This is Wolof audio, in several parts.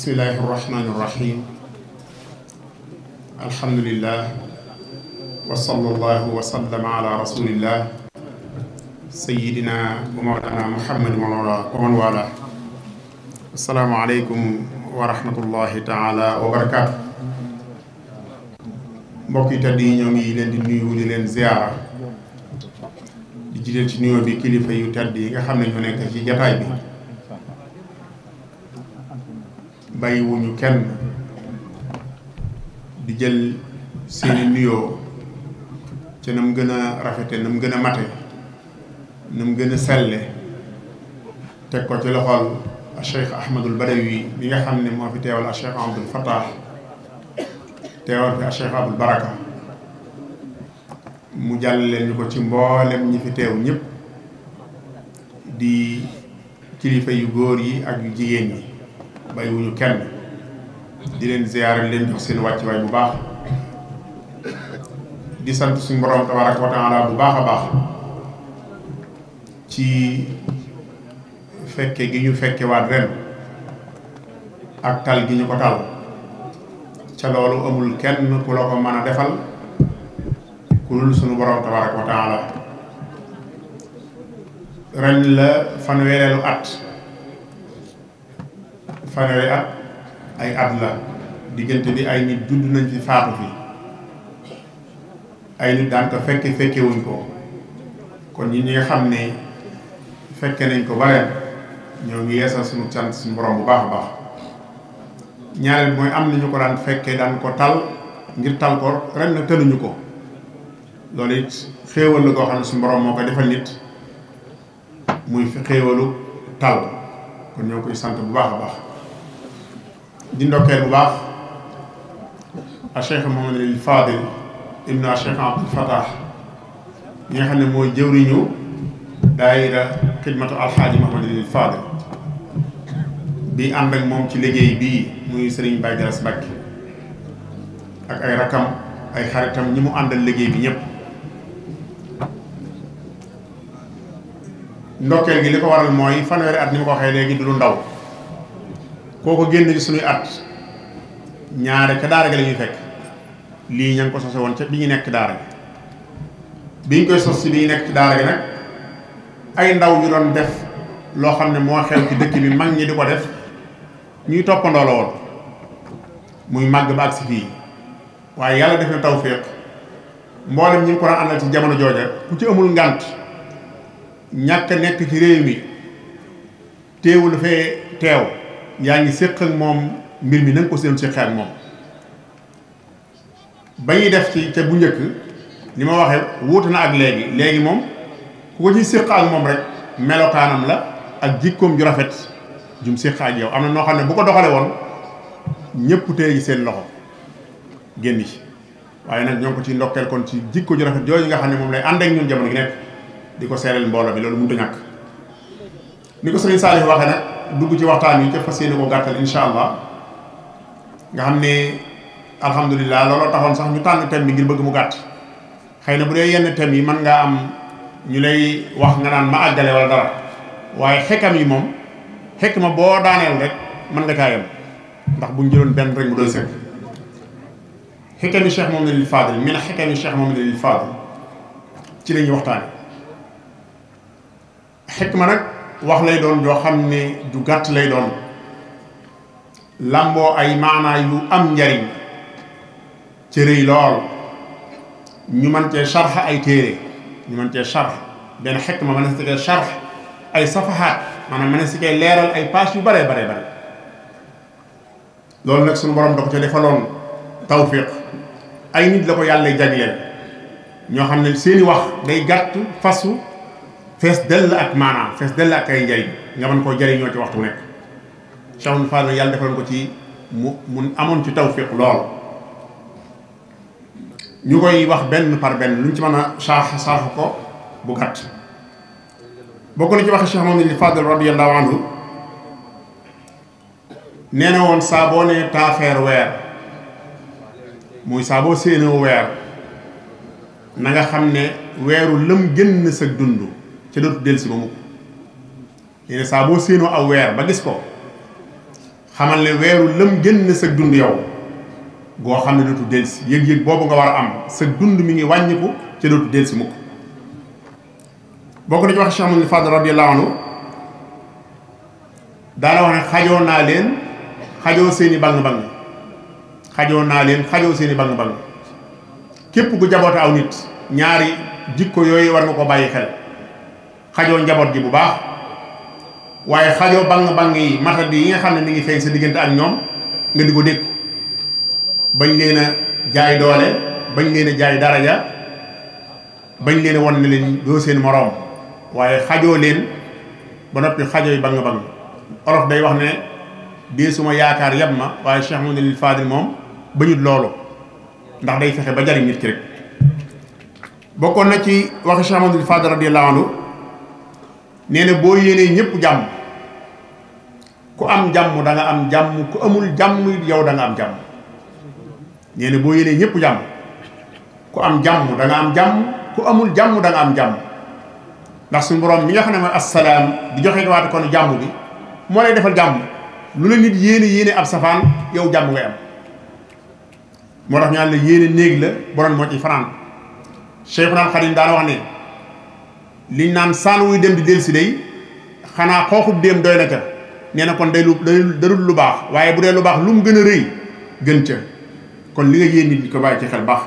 bismillahi irrahmani irrahim alhamdulillah wa sallallahu wa sallam ala rasulillah sayidina wa mawlana muhammad wa man wala assalaamu aleykum wa rahmatullahi taala wa barakaatu mbokk yi tedd yi ñoo ngi leen di nuyu di leen ziara di jiital ci nuyoo bi kilifa yu tedd yi nga xam ne ñoo nekk ci jataay bi bàyyiwuñu kenn di jël seeni nuyoo ca na mu gën a rafete na mu gën a mate na mu gën a selle teg ko ci loxol a Ahmadul Badawi bi nga xam ne moo fi teewal a Cheikh Abdul Fattah teewal fi a Cheikh Baraka mu jàllale ñu ko ci mboolem ñi fi teew ñëpp di kilifa yu góor yi ak yu jigéen ñi bàyyiwuñu kenn di leen ziyaare leen jox seen wàccuwaay bu baax di sant suñu borom tabaraka wa taala bu baax a baax ci fekke gi ñu fekke waat ren ak tal gi ñu ko tal ca loolu amul kenn ku la ko mën a defal ku dul suñu borom tabaraka wa taala ren la fanweereelu at fanweeri at ay at la diggante bi ay nit judd nañ fi faatu fi ay nit daan ko fekke fekke ko kon ñi ñi xam ne fekke nañ ko bareen ñoo ngi yeesal suñu cant suñu borom bu baax a baax ñaareel mooy am nañu ko daan fekkee daan ko tal ngir tal ko ren na tëluñu ko loolu it xéewal la koo xam ne suñu borom moo koy defal nit muy xéewalu tal kon ñoo koy sant bu baax a baax di ndokkeel bu baax a Cheikh Mouhamadul Fadil Abdul Fatah ñi xam ne mooy jëwriñu daayira xidmatu alxaaji Mouhamadul Fadil bi ànd ak moom ci liggéey bii muy Serigne Baye Galas ak ay rakam ay xaritam ñi mu àndal liggéey bi ñëpp ndokkeel gi li ko waral mooy fanweeri at ni ma ko waxee léegi du lu ndaw kooko génne suñuy at ñaare ca daara ga la fekk lii ña ngi ko sose woon ca bi ñu nekk daara ga bi ñu koy sos si bi ñu nekk ci daara ga nag ay ndaw ñu doon def loo xam ne moo xew ci dëkk bi mag ñi di ko def ñuy toppandoo la woon muy màgg ba ak si fii waaye yàlla def na tawféex mboolem ñi ngi ko daan àndal ci jamono jooja ku ci amul ngànt ñàkk nekk ci réew mi téewul fee teew yaa ngi séq ak moom mbir mi na nga ko seen séqee ak moom ba ñuy def ci ca bu njëkk ni ma waxee wuute na ak léegi léegi moom ku ko ci séq ak moom rek melokaanam la ak jikkoom ju rafet jum séq ak yow am na noo xam ne bu ko doxalee woon ñëpp téye ci seen loxo génn ci waaye nag ñoo ko ci ndokkeel kon ci jikko ju rafet yi nga xam ne moom lay ànd ak ñun jamono gi nekk di ko seereel mbooloo bi loolu mënut a ñàkk ni ko sëriñ Saalif waxee nag dugg ci waxtaan wi ca fas yéene ko gàttal incha allah nga xam ne alhamdulilah looloo taxoon sax ñu tàng thème bi ngir bëgg mu gàtt xëy na bu dee yenn thème yi man ngaa am ñu lay wax nga naan ma àggale wala dara waaye xekkam yi moom xekk ma boo daaneel rek mën nga kaayam ndax buñ ñu jëloon benn rek mu doy sëkk xekkami Cheikh Mouhamadul Fadil min xekkami Cheikh Mouhamadul Fadil ci la ñuy waxtaane xekk ma nag wax lay doon joo xam ne ju gàtt lay doon làmboo ay maanaa yu am njariñ ci yi lool ñu mën cee sarx ay téere ñu mën cee sarx benn xekk ma mën si koy sarx ay safahaat maanaam mën si koy leeral ay paas yu bare bare bare loolu nag suñu borom da ko ca defaloon tawfiq ay nit la ko yàlla jagleel ñoo xam ne seeni wax day gàtt fasu fees dell ak maanaam fees dell ak ay njariñ nga mën koo jariñoo ci waxtu nekk Cheikh Fall yàlla defaloon ko ci mu mu amoon ci tawfiq lool ñu koy wax benn par benn lu ñu ci mën a saax saax ko bu gàtt bokk na ci waxe Cheikh Mamadou Fadal radiyallahu nee na woon saa boo ne taafeer weer muy saa séenoo weer na nga xam ne weeru lëm génn sa dund ca dootu dellusi ba mukk nee na saa boo séenoo aw weer ba gis ko xamal ne weeru lëm génn sa dund yow goo xam ne dootu dellusi yëg-yëg boobu nga war a am sa dund mi ngi wàññiku ca dootu dellusi mukk bokk na ci wax Cheikh Amadou Fadl radiyallahu anhu daana wax ne xajoo naa leen xajoo seeni bang-bang xajoo naa leen xajoo seeni bang-bang képp ku jaboote aw nit ñaari jikko yooyu war nga ko bàyyi xel xajoo njaboot ji bu baax waaye xajoo bang-bang yi matadi yi nga xam ne mi ngi feeñ sa diggante ak ñoom nga di ko dékku bañ leen a jaay doole bañ leen a dara daraja bañ leen won ne leen doo seen moroom waaye xajoo leen ba noppi xajoo yi bang-bang olof day wax ne dee suma yaakaar yab ma waaye Cheikh Mouhamadoul Fadil moom bañut loolu ndax day fexe ba jariñ nit ki rek bokkoon na ci waxi Cheikh Mouhamadoul Fadil radiyallahu anhu nee na boo yéenee ñëpp jàmm ku am jàmm da am jàmm ku amul jàmm yow da nga am jàmm nee boo yéenee ñëpp jàmm ku am jàmm da nga am jàmm ku amul jàmm da am jàmm ndax suñu borom mi nga xam ne mooy assalaam di joxe waate kon jàmm bi moo lay defal jàmm lu la nit yéene yéene ab safaan yow jàmm ngay am moo tax ñaan la yéene néeg la borom moo ci fanaan Cheikhul Khadim daana wax ne liñ naan saan wuy dem di si day xanaa xooxub dem doy na ca nee na kon day lu lu baax waaye bu dee lu baax lu mu gën a rëy gën ca kon li nga yéen nit ñi ko bàyyi ci xel baax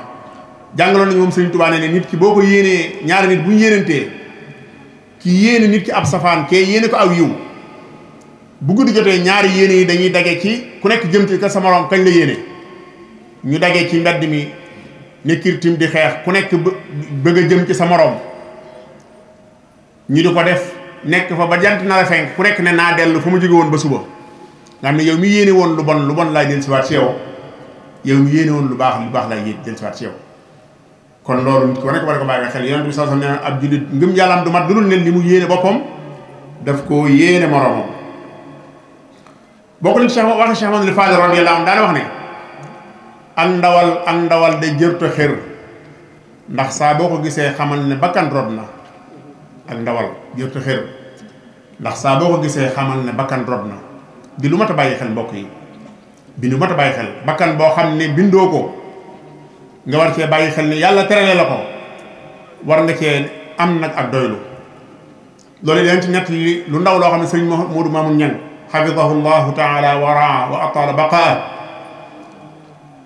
jàngaloon nañu moom Sëriñ Tuubaa ne nit ki boo ko yéenee ñaari nit bu ñu yéenantee ki yéene nit ki ab safaan kee yéene ko aw yiw bu guddi jotee ñaari yéene yi dañuy dage ci ku nekk jëm ci ka sa morom kañ la yéene ñu dage ci mbedd mi ne kirtim di xeex ku nekk bëgg a jëm ci sa ñu di ko def nekk fa ba jant na la fenk ku nekk ne naa dellu fu mu jóge ba suba nga xam ne yow mi yéene woon lu bon lu bon laay jël siwaat ci yow yow yéene woon lu baax lu baax laay jël siwaat si yow kon loolu nit ko nekk war ko bàyyi xel yonent bi saa sam ne ab jullit ngëm yàllaam du mat lu dul ne li mu yéene boppam daf koo yéene moroomam boo ko leen Cheikh waxe Cheikh Mamadou Fadil radiyallahu anhu daana wax ne ak ndawal ak ndawal de jërto xër ndax saa boo ko gisee xamal ne bakkan rod na ak ndawal jërta xéeral ndax saa boo ko gisee xamal ne bakkan rob na di lu mat bàyyi xel mbokk yi bi lu mat a bàyyi xel bakkan boo xam ne bindoo ko nga war cee bàyyi xel ne yàlla tere la ko war nga cee am nag ak doylu loolu leen ci ñett li lu ndaw loo xam ne sëñ Moodu Maamun Ñaŋ xafidahu llahu taala wa raa wa ataala baqaa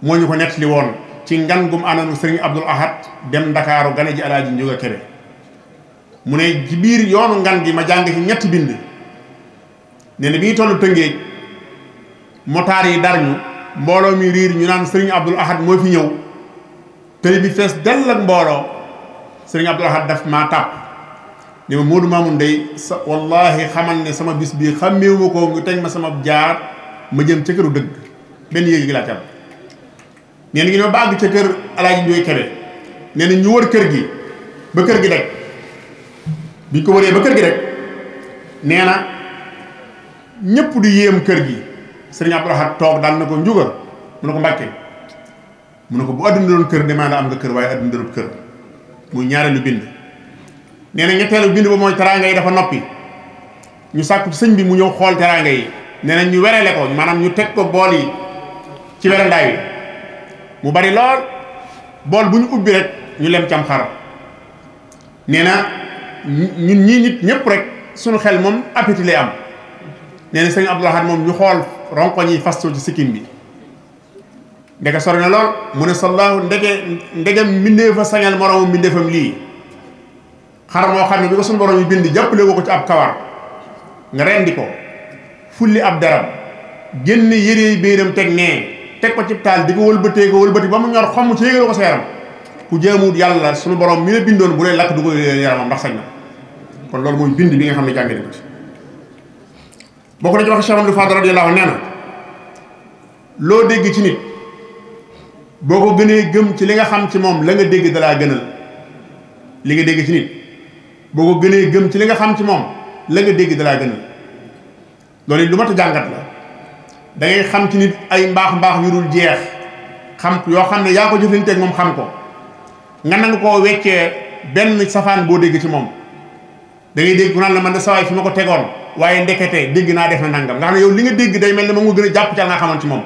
moo ñu ko nett li woon ci ngan gum ananu sëriñ Abdul Ahad dem ndakaaru gane ji alaaji Njuga Kebe mu ne ci biir yoonu ngan gi ma jàng ci ñetti bind nee na bi ñu toll tëngéej motaar yi dar ñu mbooloo mi riir ñu naan sëriñ Abdul Ahad moo fi ñëw tëli bi fees dell ak mbooloo sëriñ Abdul Ahad daf maa tàpp ne ma Moodu Maamun sa wallaahi xamal ne sama bis bii xàmmeewuma ko ngi teg ma sama jaar ma jëm ca këru dëgg benn yéegi laa cam nee na ngi ne àgg ca kër Alaaji Ndooy Kebe nee na ñu wër kër gi ba kër gi daj biñ ko waree ba kër gi rek nee na ñëpp di yéem kër gi sëriñ Abdou Lahad toog daal na ko njugal mu ne ko mu ne ko bu àdduna doon kër de maanaam am nga kër waaye àdduna doon kër muy ñaareelu bind nee na ñetteelu bind ba mooy teraanga yi dafa noppi ñu sàkku sëñ bi mu ñëw xool teraanga yi nee na ñu werele ko maanaam ñu teg ko bool yi ci werandaay wi mu bari lool bool bu ñu ubbi rek ñu lem cam xar nee na ñun ñii nit ñëpp rek suñu xel moom appétit lay am nee na sëñ Abdou Lahad moom ñu xool ronkoñ yi fastu ci sikkim bi ndege sori na lool mu ne sallahu ndege ndegem mbindeefa sañal moroomam mbindeefam lii xar moo xam ne bi ko suñu borom yi bind jàppale ko ci ab kawar nga rendi ko fulli ab darab génn yëree béeram teg nee teg ko ci taal di ko wëlbatee ko wëlbati ba mu ñor xomm ci yéegal ko sa yaram ku jéemuwut yàlla suñu borom mi la bindoon bu lay lakk du ko kon loolu mooy bind bi nga xam ne jàngale ko ci bokk na ci wax Cheikh loo dégg ci boo ko gënee gëm ci li nga xam ci moom la dégg dalaa gënal li nga dégg ci nit boo ko gënee gëm ci li nga xam ci moom la nga dégg dalaa gënal loolu lu mat a jàngat la xam ci nit ay mbaax mbaax yu dul jeex xam yoo xam ne yaa ko jëflanteeg moom xam ko nga nangu koo weccee benn safaan boo dégg ci moom da dégg ku naan la man de sawaay fi ma ko tegoon waaye ndekete dégg naa def na nangam nga xam ne yow li nga dégg day mel ne moom nga gën a jàpp ca ci moom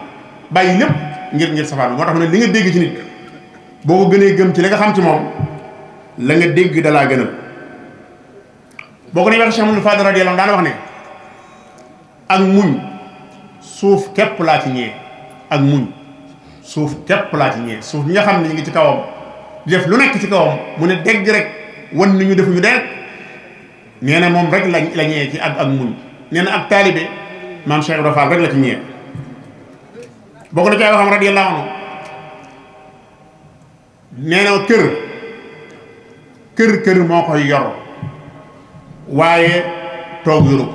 bàyyi lépp ngir ngir safaan moo tax ne li nga dégg ci nit boo ko gënee gëm ci li nga xam ci moom la dégg dalaa gënal boo ko ne wax Cheikh Mouhamadou Fadal radiyallahu daana wax ne ak suuf képp laa ci ñee ak muñ suuf képp laa ci ñee suuf nga xam ne ñu ngi ci kawam def lu nekk ci kawam mu ne dégg rek wan ni ñu defuñu dee nee na moom rek la la ñëwee ci ak ak muñ nee na ak taalibe maam Cheikh Ibra rek la ci ñëwee bokk na ci ay waxam radiyallahu anhu nee na kër kër kër moo koy yor waaye toog yoru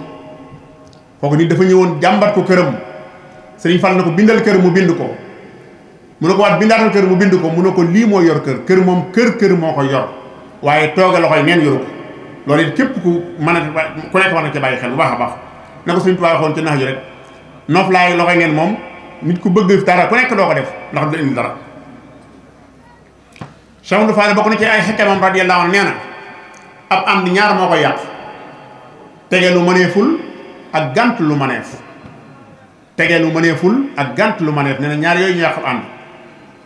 ko dafa ñëwoon jàmbat ko këram Sëriñ Fall na ko bindal kër mu bind ko mu ne ko waat bindaatal kër mu bind ko mu ne ko lii moo yor kër kër moom kër kër moo koy yor waaye tooge loxoy neen yoru loolu it képp ku mën a ku nekk war na ca bàyyi xel bu baax a baax na ko suñu tubaab waxoon ci nax ju rek noof laay loxo ngeen moom nit ku bëgg dara ku nekk doo ko def ndax du indi dara Cheikh bokk na ci ay xekkamam radiyallahu am di ñaar moo koy yàq ak gànt lu mëneef tege lu mëneeful ak gànt lu mëneef nee na ñaar yooyu ñu yàq am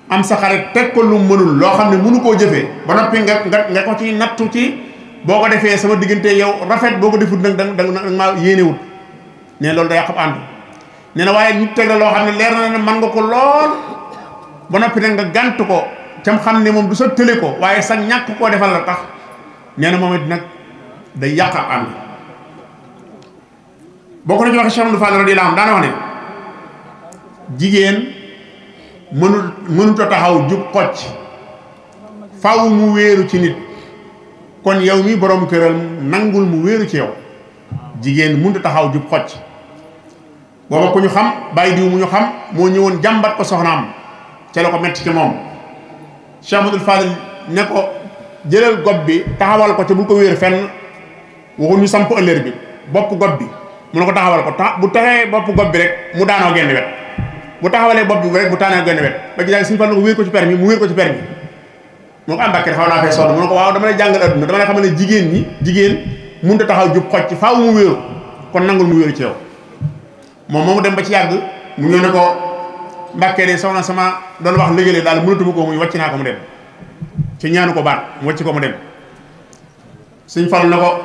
am sa xarit teg ko lu mënul loo xam ne mënu koo jëfee ba noppi nga nga nga ko ci nattu ci boo ko defee sama diggante yow rafet boo ko defut nag da nga da maa yéenewut ne loolu day yàq ànd nee na waaye nit teg la loo xam ne leer na ne man nga ko lool ba noppi nag nga gànt ko cam xam ne moom du sa tële ko waaye sa ñàkk koo defal la tax nee na moom it nag day yàq ànd boo ko na ci waxe Cheikh Amadou Fall radiyallahu anhu daana wax ne jigéen mënut mënut a taxaw jub xocc faw mu wéeru ci nit kon yow mii borom këram nangul mu wéeru ci yow jigéen mënut a taxaw jub xocc booba ku ñu xam bàyyi diw mu ñu xam moo ñëwoon jàmbat ko soxnaam ca la ko metti ci moom Cheikh Amadou Fadil ne ko jëlal gob bi taxawal ko te bu ko wéer fenn waxuñu samp ëllër bi bopp gob bi mu ne ko taxawal ko bu taxee bopp gob bi rek mu daanoo genn wet bu taxawalee bopp bi rek bu taanoo genn wet ba ci daal suñu fan ko wéer ko ci permi mu wéer ko ci permi mu ko am mbàkke xaw naa fee sonn mu ne ko waaw dama lay jàngal adduna dama lay xamal ne jigéen ñi jigéen mun a taxaw jub xocc faaw mu wéeru kon nangul mu wéeru ci yow moom moomu dem ba ci yàgg mu ñëw ne ko mbàkke de soxna sama doon wax léeg-léeg daal mënatuma ko muy naa ko mu dem ci ñaanu ko baat mu ko mu dem suñ fal na ko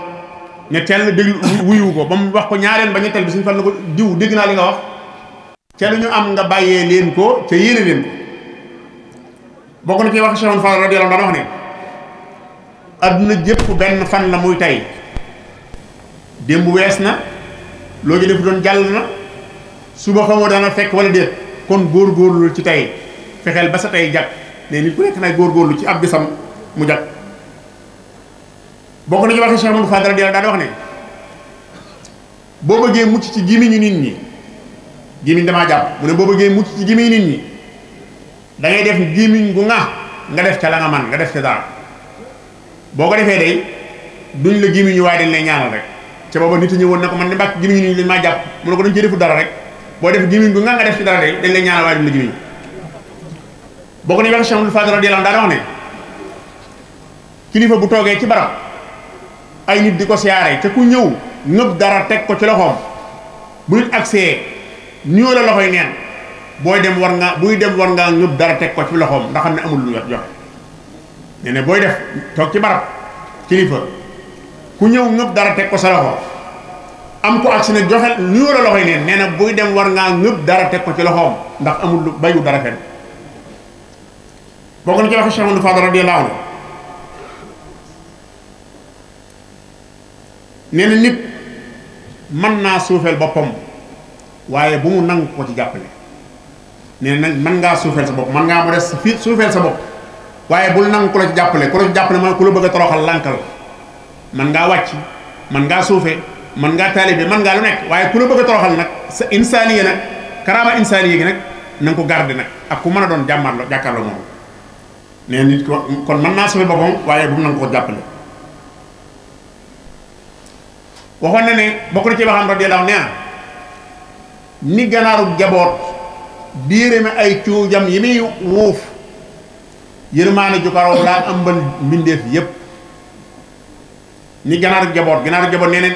ne teel déglu ko ba mu wax ko ñaareel ba ñetteel bi suñ fal na ko diw dégg naa li nga wax ca ñu am nga bàyyee leen ko ca yéene leen bokk na ci wax Cheikh Fall radiyallahu anhu dana wax ne adduna jëpp benn fan la muy tey démb wees na loo ji def doon jàll na suba xamoo dana fekk wala déet kon góorgóorlu ci tey fexeel ba sa tey jàpp ne nit ku nekk ci ab gisam mu jàpp bokk na ci waxi Cheikh Amadou wax ne boo bëggee mucc ci gémmiñu nit ñi gémmiñ damaa jàpp mu ne boo bëggee mucc ci gémmiñu nit ñi da ngay def gémmiñ gu nga nga def ca la nga man nga def ca dara boo ko defee day duñ la gémmiñu waaye dañ lay ñaanal rek ca booba nit ñi woon na ko man ne mbàkk gémmiñ ni lañ maa jàpp mu ne ko dañ ci defu dara rek boo def gémmiñ gu nga nga def ci dara day dañ lay ñaanal waaye duñ la gémmiñ boo ko ne wax Cheikh Abdou Fadal radiyallahu anhu daa wax ne kilifa bu toogee ci barab ay nit di ko siyaare ca ku ñëw ngëb dara teg ko ci loxoom bu nit agsee ñoo la booy dem war ngaa buy dem war ngaa ngëb dara teg ko ci loxoom ndax xam ne amul lu jot joxe nee booy def toog ci barab kilifa ku ñëw ngëb dara teg ko sa loxo am ko agsi nag joxe nuyoo la loxoy neen nee na buy dem war ngaa ngëb dara teg ko ci loxoom ndax amul lu bayu dara fenn bokk na ci waxi Cheikh Amadou Fadal radiyallahu anhu nee na nit mën naa suufeel boppam waaye bu mu nangu ko ci jàppale nee nag mën ngaa suufeel sa bopp mën ngaa modeste fii suufeel sa bopp waaye bul nan ko la jàppale ku la ci jàppale bëgg a toroxal lànkal ngaa wàcc mën ngaa suufe mën ngaa taalibe mën ngaa lu nekk waaye ku bëgg a toroxal nag sa insaaniye nag karaama insaaniye gi ko garde nag ak ku mën a doon jàmmaarlo jàkkaarloo moom nee nit kon man naa suufe boppam waaye bu mu nangu ko jàppale waxoon na ne bokk na ci waxam radiyallahu nee ni ganaaru jaboot diire mi ay cuujam yi muy wuuf yërmaane ju ko raw laa ëmbal mbindeef yépp ni ganaar jaboot ganaar jaboot nee na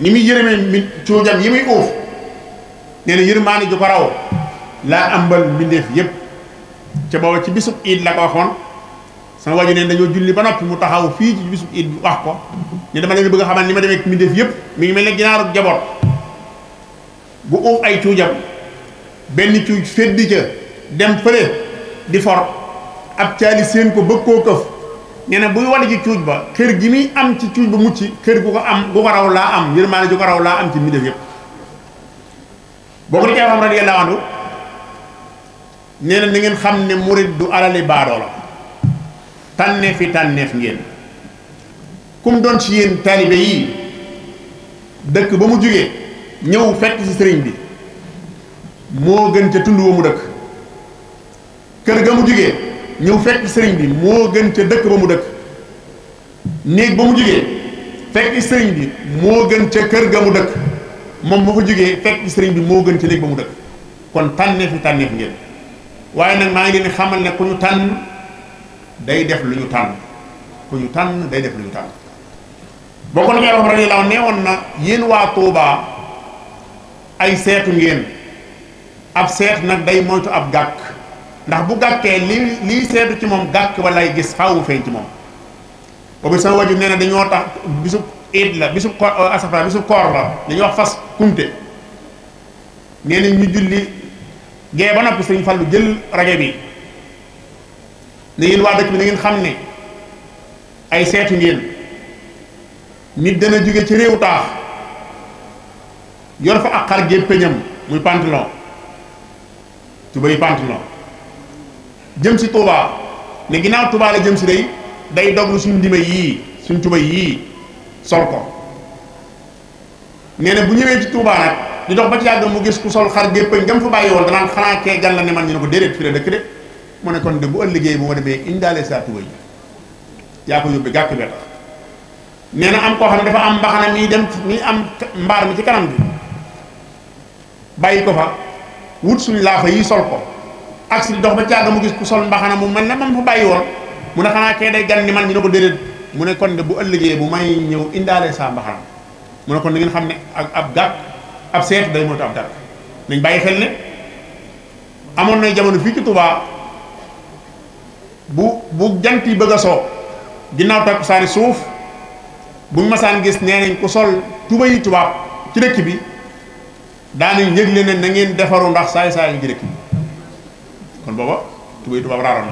ni muy yërëmee cuujam yi muy uuf nee na yërmaane ju ko raw laa ëmbal mbindeef yépp ca booba ci bisu iid la ko waxoon sama waju neen dañoo julli ba noppi mu taxaw fii ci bisub iid wax ko ne dama leen bëgg xamal ni ma demee mbindeef yépp mi ngi mel ne ganaaru jaboot bu uuf ay cuujam benn cuuj feddi ca dem fële di for ab caali seen ko bëgg koo këf nee na buy wàll ci cuuj ba kër gi muy am ci cuuj ba mucc kër gu ko am gu ko raw laa am yërmaane ju ko raw laa am ci mbindéef yëpp boo ko defee xam radiyallaahu anhu nee na ngeen xam ne murit du alali baadoo la tànneef yi tànneef ngeen kum doon ci yéen taalibe yii dëkk ba mu jógee ñëw fekk ci sëriñ bi moo gën ca tund wa mu dëkk kër ga mu jugee ñëw fekk sëriñ bi moo gën ca dëkk ba mu dëkk néeg ba mu jugee fekk sëriñ bi moo gën ca kër ga mu dëkk moom ma ko jugee fekk sëriñ bi moo gën ca néeg ba mu dëkk kon tànneef yi tànneef ngeen waaye nag maa ngi leen xamal ne ku ñu tànn day def lu ñu tànn ku ñu tànn day def lu ñu tànn boo ko la ngay wax radiyallaahu nee woon na yéen waa Tuubaa ay seetu ngeen ab seet nag day moytu ab gàkk ndax bu gàkkee li lii seetu ci moom gàkk walay gis faawu feeñ ci moom boobu sama waju nee na dañoo tax bisu iid la bisu ko euh, asafara bisu koor la dañuy fas kumte nee na ñu julli gee ba noppi sëñ Fallu jël rajo bi ne yéen waa dëkk bi na ngeen xam ne ay seetu ngeen nit dana jóge ci réew taax yor fa ak xar gépp peñam muy pantalon tubéy pantalon jëm si Touba ne ginnaaw tubaa la jëm si day day doglu suñ ndime yii suñ tubéy yii sol ko nee na bu ñëwee ci Touba nag di dox ba ci yàgg mu gis ku sol xar géppañ gam fa bàyyi woon danaan xanaa kee gan la ne man ñu ne ko déedéet fi la dëkk de mu ne kon de bu ëllëgee bu ma demee indaale saa tubéy yaa ko yóbbee gàkk be tax nee am koo xam ne dafa am mbaxana mi dem mi am mbaar mi ci kanam bi bàyyi ko fa wut suñ laafa yi sol ko ak si dox ba càgg mu gis ku sol mbaxana mu man na man fa bàyyi woon mu ne xanaa kee day gan ni man ñu ne ko déedéet mu ne kon de bu ëllëgee bu may ñëw indaalee saa mbaxana mu ne kon da ngeen xam ne ak ab gàkk ab seet day moytu ab dàkk nañ bàyyi xel amoon nay jamono fii ci Touba bu jant yi bëgg a soo ginnaaw takku saani suuf bu masaan gis nee nañ ku sol tubay tubaab ci dëkk bi daanañ yëg ne ne ngeen defaru ndax saay saay ngi dëkk kon booba tubay tubaab raaroon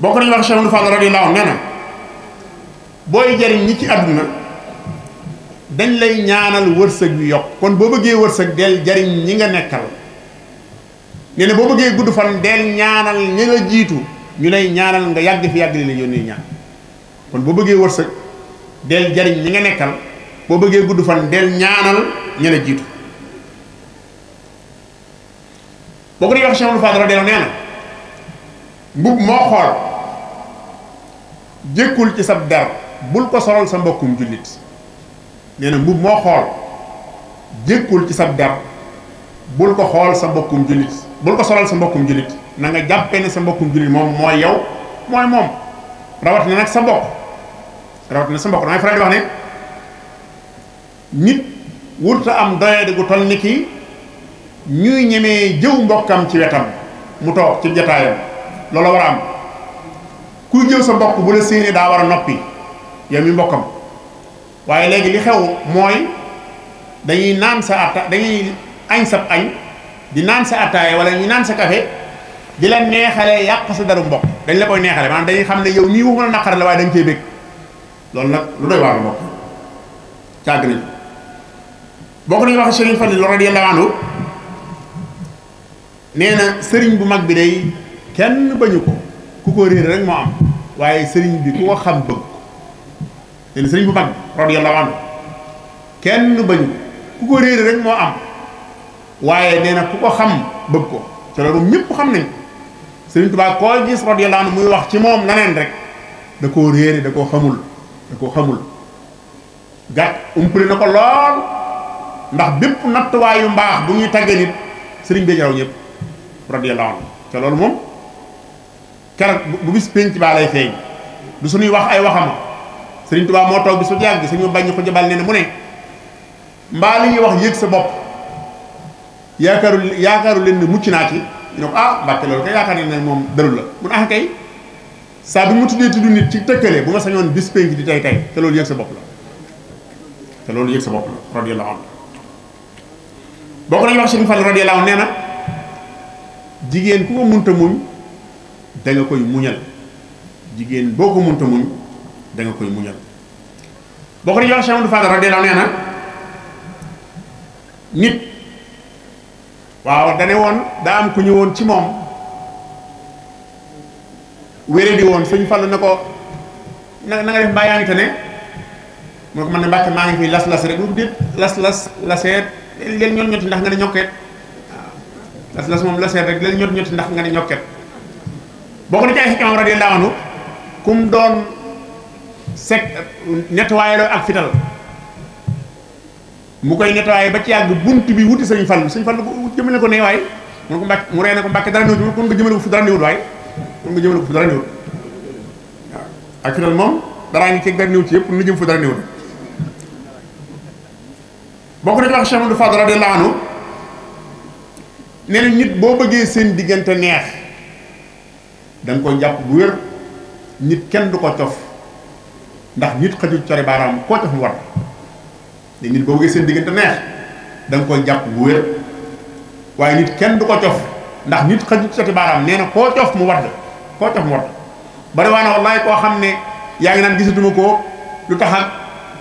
boo bokk nañu wax Cheikh Amadou Fall radiyallahu anhu nee na booy jariñ ñi ci àdduna dañ lay ñaanal wërsëg yu yokk kon boo bëggee wërsëg del jariñ ñi nga nekkal nee na boo bëggee gudd fan del ñaanal ñi nga jiitu ñu lay ñaanal nga yàgg fi yàgg li la ñaan kon boo bëggee wërsëg del jariñ ñi nga nekkal boo bëggee gudd fan del ñaanal ña la jiitu boo ko dee wax Cheikh Fadal delloo nee na mbub ci sab dar bul ko solal sa mbokkum jullit nee na mbub moo xool jëkkul ci sab dar bul ko xool sa mbokkum jullit bul ko solal sa mbokkum jullit na nga jàppee ne sa mbokkum jullit moom mooy yow mooy moom rawat na nag sa mbokk rawat na sa mbokk damay faral di wax ne nit wurta am doyade gu toll ni kii ñuy ñemee jëw mbokkam ci wetam mu toog ci jataayam la war a am kuy jëw sa mbokk bu la séenee daa war a noppi yow mi mbokkam waaye léegi li xew mooy dañuy naan sa atta dañuy añ sa añ di naan sa attaaya wala ñu naan sa café di la neexale yàq sa daru mbokk dañ la koy neexale maanaam dañuy xam ne yow nii waxuma la naqar la waaye dañ cee bég loolu nag lu doy waar mbokk càgg nañ bokk nañu wax Serigne Fallou radiyallahu anhu nee na sëriñ bu mag bi day kenn bañu ko ku ko réer rek moo am waaye sëriñ bi ku ko xam bëgg nee na sëriñ bu mag bi radiyallahu anhu kenn bañu ko ku ko réer rek moo am waaye nee na ku ko xam bëgg ko te loolu ñëpp xam nañ Sëriñ Tuubaa koo gis radiyallahu anhu muy wax ci moom leneen rek da koo réere da koo xamul da koo xamul gàtt umpale na ko lool ndax bépp nattuwaayu mbaax bu ñuy tàggee nit sëriñ bi raw ñëpp radiyallahu anhu te loolu moom keroog bu bis pénc baa lay feeñ du suñuy wax ay waxam sëriñ Tuubaa moo toog bi su yàgg suñu bañ ko jabal nee na mu ne mbaa li ñuy wax yëg sa bopp yaakaaru yaakaaru leen ne mucc naa ci ñu ne ko ah mbàkke loolu kay yaakaar ne moom dalul la mun ah kay saa bu ñu ma tuddee tudd nit ci tëkkale bu ma sañoon bis pénc di tey tey te loolu yëg sa bopp loolu yëg sa bopp la boo ko doon wax Sëriñ Fall radiyallahu nee na jigéen ku ko munta muñ da koy muñal jigéen boo ko munta muñ da nga koy muñal boo ko doon wax Sëriñ Abdou Fall radiyallahu anhu nee na nit waaw dane woon daa am ku ñu woon ci moom wéré woon suñu Fall na ko na nga def mbaa yaa ne mu ko man ne mbàkke maa ngi fi las las rek lu déet las las laseet leen ñoot ñotti ndax nga ne ñokket waaw las las moom la seet rek leen ñoot ñotti ndax nga ne ñokket bokk na ci ay xikmaam radiyallahu anhu kum doon sec nettoyé loo ak fital mu koy nettoyé ba ci yàgg bunt bi wuti sañu fan sëñ Fallu jëmale ko ne waay mu ne ko mbàkk mu ree ne ko mbàkke dara néewut kon nga jëmale ko fu dara néewut waay kon nga jëmale ko fu dara néewut waaw ak fital moom daraa ngi ceeg dara néewut ci yëpp nu jëm fu dara néewut boo ko def wax Cheikh Amadou nit boo bëggee seen diggante neex da nga ko jàpp bu wér nit kenn du ko cof ndax nit xëjul cori baaraam koo cof mu war ne nit boo bëggee seen diggante neex da nga koy jàpp bu wér waaye nit kenn du ko cof ndax nit xëjul cori baaraam nee na koo cof mu wadd koo cof mu wadd bari waa wallaay koo xam ne yaa ngi naan gisatuma ko lu tax ak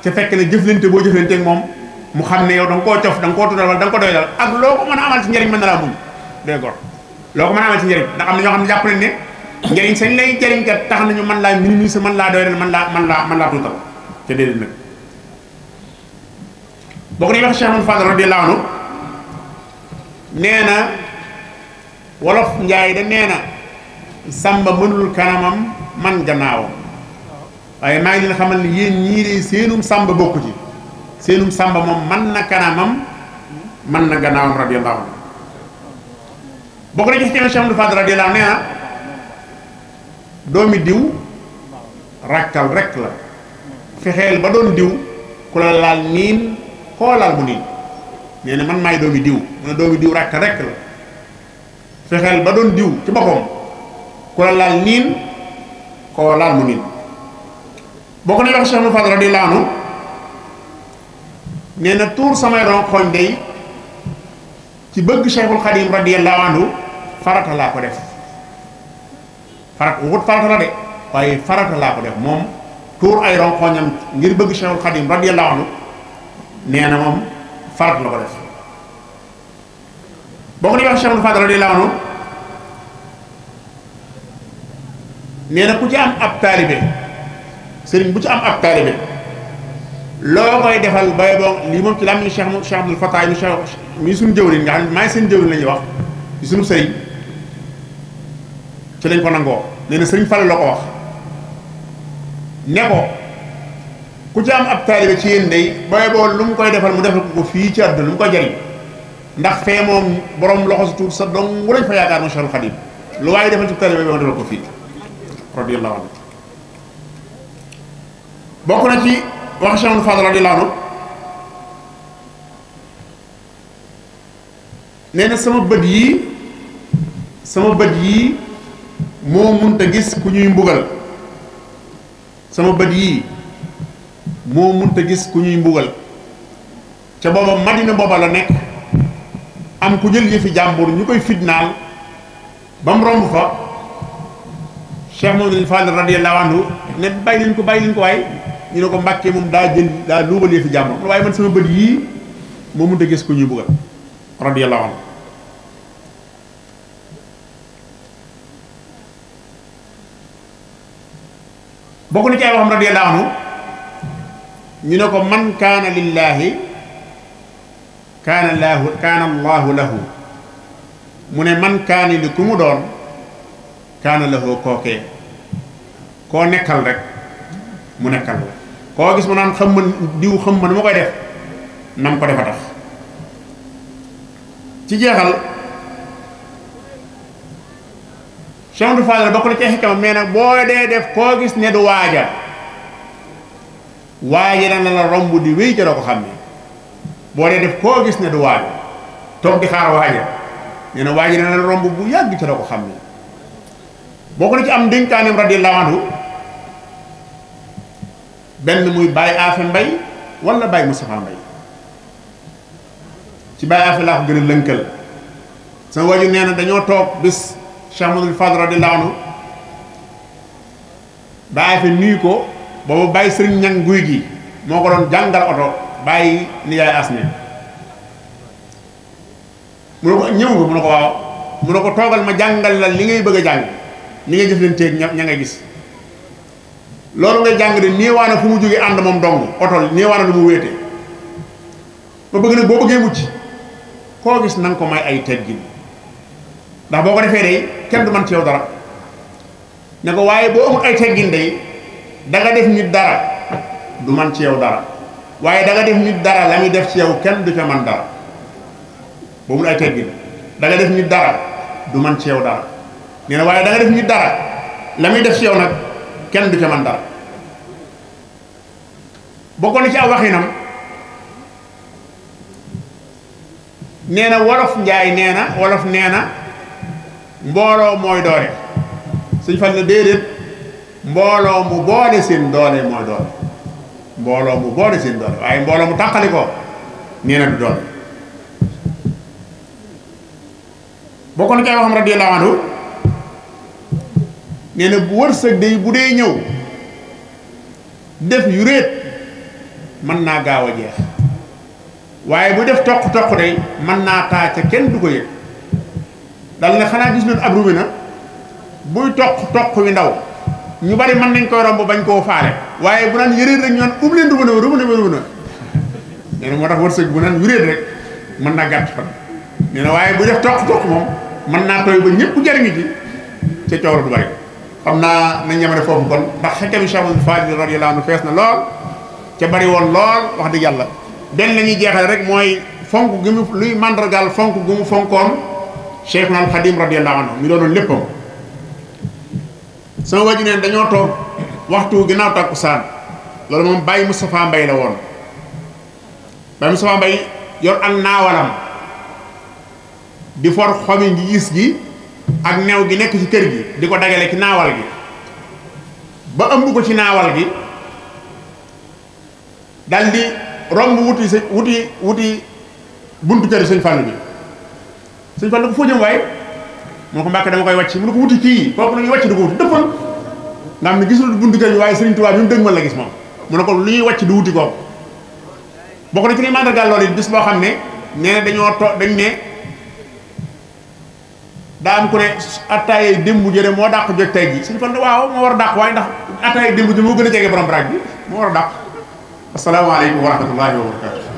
ca fekk ne jëflante boo jëflante ak moom mu xam ne yow da nga koo cof da koo tuddal wala da ko doy dal ak loo ko mën a amal ci njëriñ mën na laa muñ doy gor loo ko mën a amal ci njëriñ ndax am na ñoo xam ne jàpp nañ ne njëriñ sañ lay jëriñ tax nañu mën laa minimiser mën laa doy dal mën laa mën laa mën laa tuutal te déedéet nag boo ko ne wax Cheikh Mamadou Fadal radiyallahu anhu nee na wolof njaay da nee sàmba mënul kanamam man gannaawam waaye maa ngi leen xamal ne yéen ñii de seenum sàmba bokku ci seenum sàmba moom man na kanamam man na gannaawam radiyallahu anhu bokk na ci xikam Cheikh Amadou Fadal radiyallahu anhu nee doomi diw ràkkal rek la fexeel ba doon diw ku la laal niin koo laal mu niin nee na man maay doomi diw mu ne doomi diw ràkkal rek ci boppam ku la laal niin nee na tuur samay ronxooñ day ci bëgg Cheikhul Xadim radiyallahu anhu farata laa ko def farat wut farata la de waaye farata laa ko def moom tuur ay ronxooñam ngir bëgg Cheikhul Xadim radiyallahu anhu nee moom farata la ko def boo ko ni wax Cheikhul Fadal radiyallahu anhu nee na ku ci am ab taalibe sëriñ bu ci am ab taalibe loo koy defal bay boo lii moom ci làmmiñu Cheikh Cheikh Abdoul Fatah mi Cheikh mi suñu jëwriñ nga xam ne maa ngi seen jëwriñ la ñuy wax ci suñu sëriñ ci lañ ko nangoo nee na sëriñ Fall la ko wax ne ko ku ci am ab taalibe ci yéen day bay boo lu mu koy defal mu defal ko fii ci àdduna lu mu koy jariñ ndax fee moom borom loxo su tuut sa dong lañ fa yaakaar mo Cheikhul Khadim lu waaye defal ci taalibe bi ma defal ko fii radiyallahu anhu bokk na ci wax Cheikh Fall radiyallahu anhu nee na sama bët yii sama bët yii moo munta gis ku ñuy mbugal sama bët yii moo munta gis ku ñuy mbugal ca booba Madina booba la nekk am ku jël yëfi jàmbur ñu koy fitnaal ba mu romb fa Cheikh Mouhamadou Fall radiyallahu anhu ne bàyyi leen ko bàyyi leen ko waaye ñu ne ko mbàkkee moom daa jël daa luubal yëfi jàmm waaye man sama bët yii moo mënut gis ku ñuy buggal radiyallahu anhu bokk na ci ay waxam radiyallahu anhu ñu ne ko man kaana lillaahi kaana laahu kaana allaahu lahu mu ne man kaani li ku mu doon kaana lahu kookee koo nekkal rek mu nekkal la koo gis mu naan xam ma diw xam ma nu ma koy def nam ko defa tax ci jeexal Cheikh Amadou Fall bokk na ci boo dee def koo gis ne du waaja waaja dana la romb di wéy ca doo ko xam ne boo dee def koo gis ne du waaja toog di xaar waaja nee na waaja dana la romb bu yàgg ca doo ko xam ne bokk na ci am dénkaaneem radiyallahu anhu benn muy Baye Afe Mbay walla Baye Moustapha Mbay ci Baye Afe laa ko gën a lënkal sama waju nee na dañoo toog bis Cheikh Mamadou Fadl radiyallahu anhu Baye Afe ko boobu Baye Sëriñ Ñang guy gi moo ko doon jàngal oto Baye ni yaay as mu ne ko ñëw mu ne ko waaw mu ne ko toogal ma jàngal la li ngay bëgg a jàng li ngay jëf leen teeg ña ña nga gis loolu nga jàng de néewaana fu mu jógee ànd moom dong otol néewaana lu mu wéete ma bëgg nag boo bëggee mucc koo gis na ko may ay teggin ndax boo ko defee day kenn du man ci dara ne ko waaye boo amul ay teggin day da def nit daa du man ci dara waaye da nga def dara la muy def ci yow kenn du ca man dara boo amul ay def nit dara du man ci yow dara nee na waaye da nga def nit dara la muy def ci yow nag kenn du ca man dara bokkoon ci aw waxinam nee na wolof njaay nee na wolof nee na mbooloo mooy doole suñ fan na déedéet mbooloo mu boole seen doole mooy doole mbooloo mu boole seen doole waaye mbooloo mu tàqali ko nee na du doole bokkoon ci aw waxam radiyallahu anhu nee na bu wërsëg day bu dee ñëw def yu réet mën naa gaaw a jeex waaye bu def toq-toq day mën naa taa ca kenn du ko yëg dal na xanaa gis nañ ab rubi na buy toq-toq wi ndaw ñu bari mën nañ koy romb bañ koo faale waaye bu naan yëreet rek ñu naan ub leen rubi na rubi na rubi na nee moo tax wërsëg bu naan yuréet rek mën naa gàtt fan ne na waaye bu def toq-toq moom mën naa tooy ba ñëpp jariñu ci ca coow la bari am naa nañ ñamane foofu kon ndax xekkami Cheikh Mouhamadou Fadil radiyallahu anhu fees na lool ca bari woon lool wax dëgg yàlla benn la ñuy rek mooy fonk gi mu luy màndargaal fonk gu mu fonkoon Cheikh naan Xadim radiyallahu anhu mi léppam sama waju neen dañoo toog waxtu ginnaaw tàkkusaan loolu moom Baye Moustapha Mbaye la woon Baye Moustapha Mbaye yor ak naawalam di for xomi ngi gis gi ak new gi nekk ci kër gi di ko dagale ci naawal gi ba ëmb ko ci naawal gi dal di romb wuti sa wuti wuti buntu kër sëñ fànn bi sëñ fànn ko foo jëm waaye moo ko mbàkk dama koy wàcc mu ne ko wuti kii kooku nañuy wàcc du ko wuti dëppal nga xam ne gisul buntu kër bi waaye sëriñ Tuubaa bi mu dëgmal la gis moom mu ne ko lu ñuy wàcc du wuti kooku bokk na ci ne mandargaal loolu bis boo xam ne nee na dañoo to dañ ne daa am ku ne attaayee démb jëre moo daq jot tey ji suñu fan waaw moo war a dàq waaye ndax attaayee démb ji moo gën a jege borom baraag bi moo war a daq asalaamaaleykum wa rahmatullahi wa barakatu